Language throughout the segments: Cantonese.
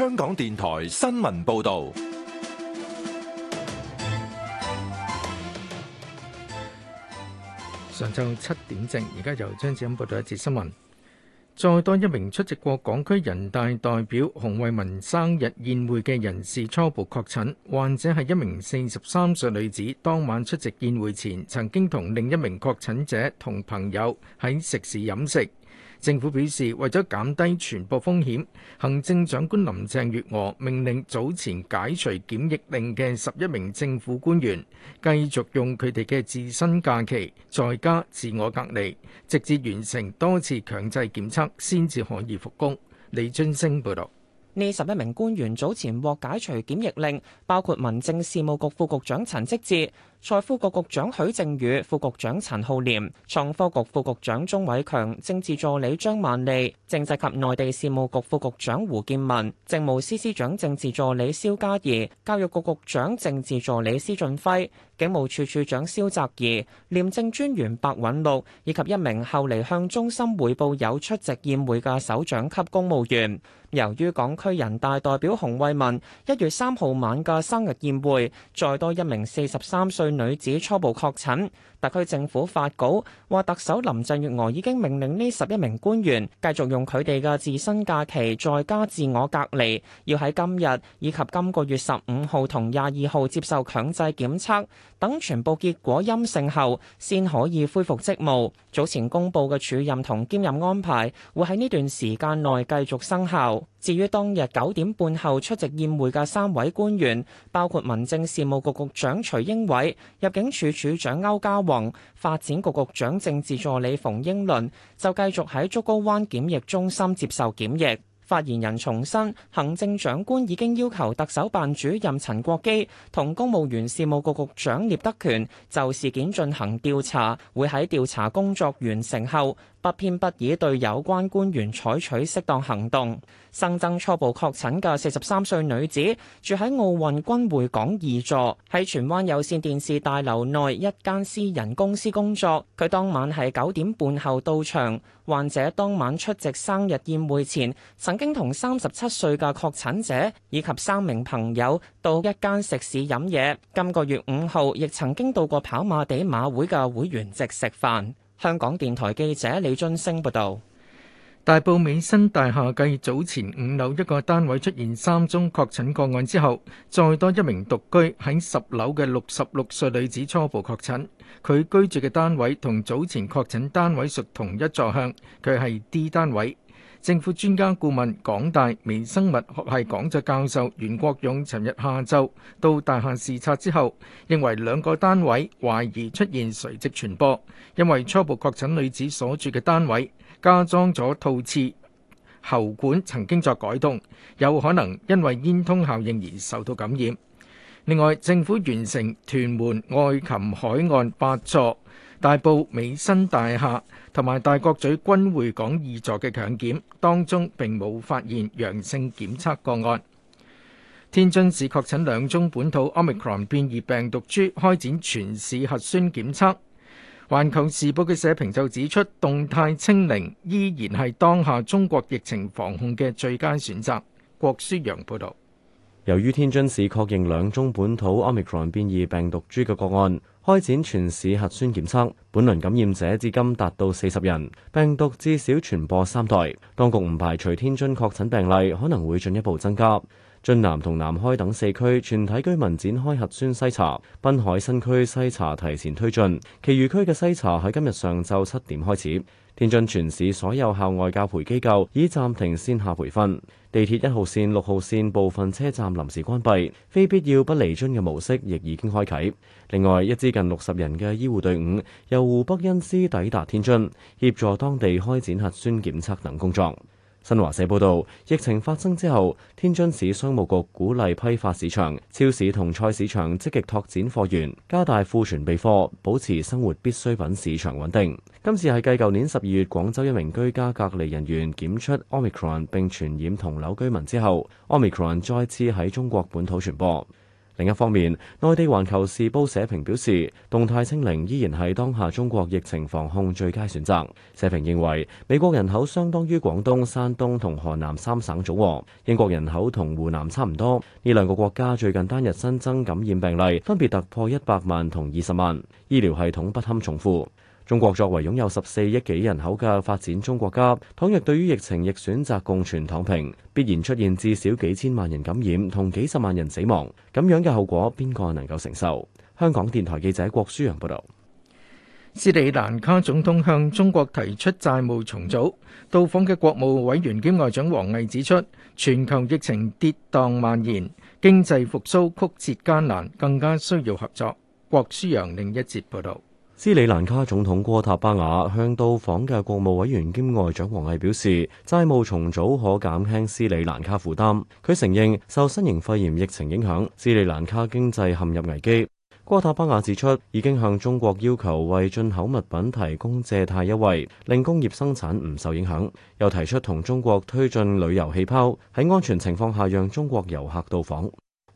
香港電台新聞報道，上晝七點正，而家由張子欣報道一節新聞。再多一名出席過港區人大代表洪為民生日宴會嘅人士初步確診，患者係一名四十三歲女子，當晚出席宴會前曾經同另一名確診者同朋友喺食肆飲食。政府表示，為咗減低傳播風險，行政長官林鄭月娥命令早前解除檢疫令嘅十一名政府官員，繼續用佢哋嘅自身假期在家自我隔離，直至完成多次強制檢測先至可以復工。李津升報道。呢十一名官員早前獲解除檢疫令，包括民政事務局副局長陳積志、財庫局局長許正宇、副局長陳浩廉、創科局副局長鍾偉強、政治助理張萬利、政制及內地事務局副局長胡建文、政務司司長政治助理蕭家怡、教育局局長政治助理施俊輝。警務處處長蕭澤頤、廉政專員白韞六以及一名後嚟向中心匯報有出席宴會嘅首長級公務員。由於港區人大代表洪為民一月三號晚嘅生日宴會，再多一名四十三歲女子初步確診。特區政府發稿話，特首林鄭月娥已經命令呢十一名官員繼續用佢哋嘅自身假期，再加自我隔離，要喺今日以及今個月十五號同廿二號接受強制檢測。等全部結果陰性後，先可以恢復職務。早前公佈嘅署任同兼任安排會喺呢段時間內繼續生效。至於當日九點半後出席宴會嘅三位官員，包括民政事務局局長徐英偉、入境處處長區嘉宏、發展局局長政治助理馮英倫，就繼續喺竹篙灣檢疫中心接受檢疫。發言人重申，行政長官已經要求特首辦主任陳國基同公務員事務局局長聶德權就事件進行調查，會喺調查工作完成後不偏不倚對有關官員採取適當行動。新增初步確診嘅四十三歲女子住喺奧運君匯港二座，喺荃灣有線電視大樓內一間私人公司工作，佢當晚係九點半後到場。患者當晚出席生日宴會前，曾經同三十七歲嘅確診者以及三名朋友到一間食肆飲嘢。今個月五號亦曾經到過跑馬地馬會嘅會員席食飯，香港電台記者李津升報道。大埔美新大廈繼早前五樓一個單位出現三宗確診個案之後，再多一名獨居喺十樓嘅六十六歲女子初步確診，佢居住嘅單位同早前確診單位屬同一座向，佢係 D 單位。政府專家顧問、港大微生物學系講座教授袁國勇，尋日下晝到大廈視察之後，認為兩個單位懷疑出現垂直傳播，因為初步確診女子所住嘅單位。加裝咗套刺喉管，曾經作改動，有可能因為煙通效應而受到感染。另外，政府完成屯門愛琴海岸八座、大埔美新大廈同埋大角咀君匯港二座嘅強檢，當中並冇發現陽性檢測個案。天津市確診兩宗本土 Omicron 變異病毒株，開展全市核酸檢測。環球時報嘅社評就指出，動態清零依然係當下中國疫情防控嘅最佳選擇。郭舒陽報道，由於天津市確認兩宗本土 Omicron 變異病毒株嘅個案，開展全市核酸檢測，本輪感染者至今達到四十人，病毒至少傳播三代。當局唔排除天津確診病例可能會進一步增加。津南同南開等四區全體居民展開核酸篩查，濱海新區篩查提前推進，其餘區嘅篩查喺今日上晝七點開始。天津全市所有校外教培機構已暫停線下培訓，地鐵一號線、六號線部分車站臨時關閉，非必要不離津嘅模式亦已經開啟。另外，一支近六十人嘅醫護隊伍由湖北恩施抵達天津，協助當地開展核酸檢測等工作。新華社報道，疫情發生之後，天津市商務局鼓勵批發市場、超市同菜市場積極拓展貨源，加大庫存備貨，保持生活必需品市場穩定。今次係繼舊年十二月廣州一名居家隔離人員檢出 Omicron 並傳染同樓居民之後，Omicron 再次喺中國本土傳播。另一方面，內地環球時報社評表示，動態清零依然係當下中國疫情防控最佳選擇。社評認為，美國人口相當於廣東、山東同河南三省總和，英國人口同湖南差唔多。呢兩個國家最近單日新增感染病例分別突破一百萬同二十萬，醫療系統不堪重負。中國作為擁有十四億幾人口嘅發展中國家，倘若對於疫情亦選擇共存躺平，必然出現至少幾千萬人感染同幾十萬人死亡，咁樣嘅後果邊個能夠承受？香港電台記者郭舒陽報道。斯里蘭卡總統向中國提出債務重組。到訪嘅國務委員兼外長王毅指出，全球疫情跌宕蔓延，經濟復甦曲折艱難，更加需要合作。郭舒陽另一節報道。斯里蘭卡總統戈塔巴雅向到訪嘅國務委員兼外長王毅表示，債務重組可減輕斯里蘭卡負擔，佢承認受新型肺炎疫情影響，斯里蘭卡經濟陷入危機。戈塔巴雅指出，已經向中國要求為進口物品提供借貸優惠，令工業生產唔受影響，又提出同中國推進旅遊氣泡，喺安全情況下讓中國遊客到訪。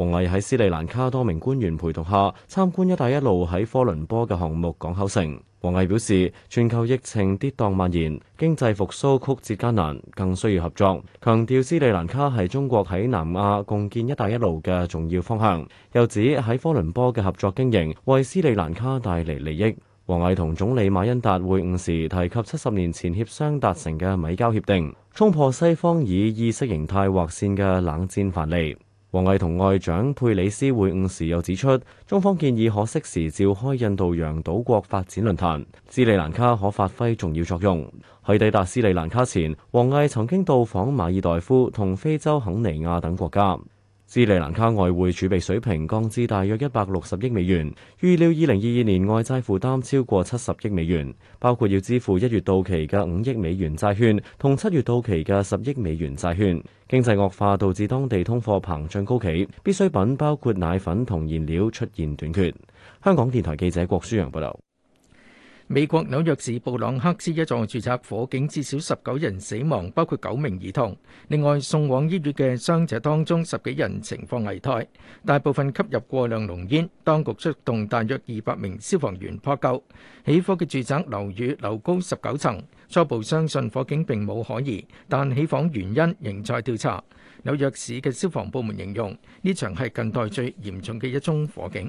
王毅喺斯里蘭卡多名官員陪同下參觀一帶一路喺科倫坡嘅項目港口城。王毅表示，全球疫情跌宕蔓延，經濟復蘇曲折艱難，更需要合作。強調斯里蘭卡係中國喺南亞共建一帶一路嘅重要方向。又指喺科倫坡嘅合作經營為斯里蘭卡帶嚟利益。王毅同總理馬恩達會晤時提及七十年前協商達成嘅米膠協定，衝破西方以意識形態劃線嘅冷戰範例。王毅同外長佩里斯會晤時又指出，中方建議可適時召開印度洋島國發展論壇，斯里蘭卡可發揮重要作用。喺抵達斯里蘭卡前，王毅曾經到訪馬爾代夫同非洲肯尼亞等國家。斯里蘭卡外匯儲備水平降至大約一百六十億美元，預料二零二二年外債負擔超過七十億美元，包括要支付一月到期嘅五億美元債券同七月到期嘅十億美元債券。經濟惡化導致當地通貨膨脹高企，必需品包括奶粉同燃料出現短缺。香港電台記者郭舒揚報道。美國紐約市布朗克斯一座住宅火警，至少十九人死亡，包括九名兒童。另外，送往醫院嘅傷者當中，十幾人情況危殆，大部分吸入過量濃煙。當局出動大約二百名消防員撲救。起火嘅住宅樓宇樓高十九層，初步相信火警並冇可疑，但起火原因仍在調查。紐約市嘅消防部門形容呢場係近代最嚴重嘅一宗火警。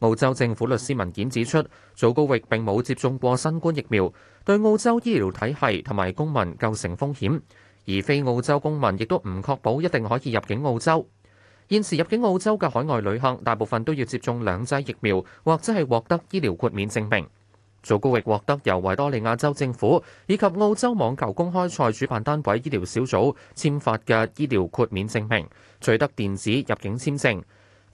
澳洲政府律師文件指出，祖高域並冇接種過新冠疫苗，對澳洲醫療體系同埋公民構成風險。而非澳洲公民亦都唔確保一定可以入境澳洲。現時入境澳洲嘅海外旅客大部分都要接種兩劑疫苗，或者係獲得醫療豁免證明。祖高域獲得由維多利亞州政府以及澳洲網球公開賽主辦單位醫療小組簽發嘅醫療豁免證明，取得電子入境簽證。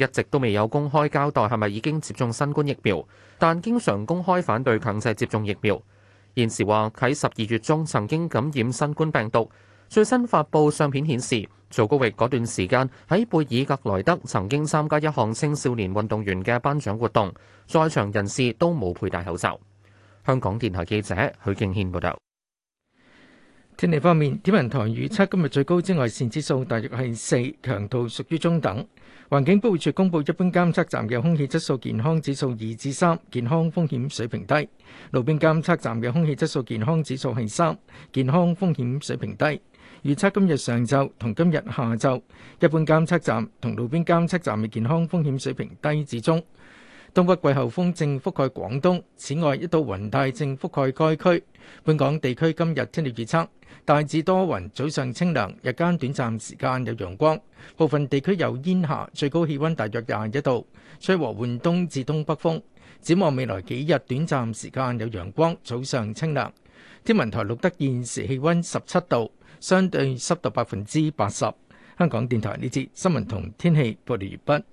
一直都未有公開交代係咪已經接種新冠疫苗，但經常公開反對強制接種疫苗。現時話喺十二月中曾經感染新冠病毒。最新發佈相片顯示，祖高域嗰段時間喺貝爾格萊德曾經參加一項青少年運動員嘅頒獎活動，在場人士都冇佩戴口罩。香港電台記者許敬軒報道。天氣方面，天文台預測今日最高紫外線指數大約係四，強度屬於中等。環境保護署公布，一般監測站嘅空氣質素健康指數二至三，3, 健康風險水平低；路邊監測站嘅空氣質素健康指數係三，健康風險水平低。預測今日上晝同今日下晝，一般監測站同路邊監測站嘅健康風險水平低至中。東北季候風正覆蓋廣東，此外一道雲帶正覆蓋該區。本港地區今日天氣預測大致多雲，早上清涼，日間短暫時間有陽光，部分地區有煙霞，最高氣温大約廿一度，吹和緩東至東北風。展望未來幾日，短暫時間有陽光，早上清涼。天文台錄得現時氣温十七度，相對濕度百分之八十。香港電台呢節新聞同天氣報道完畢。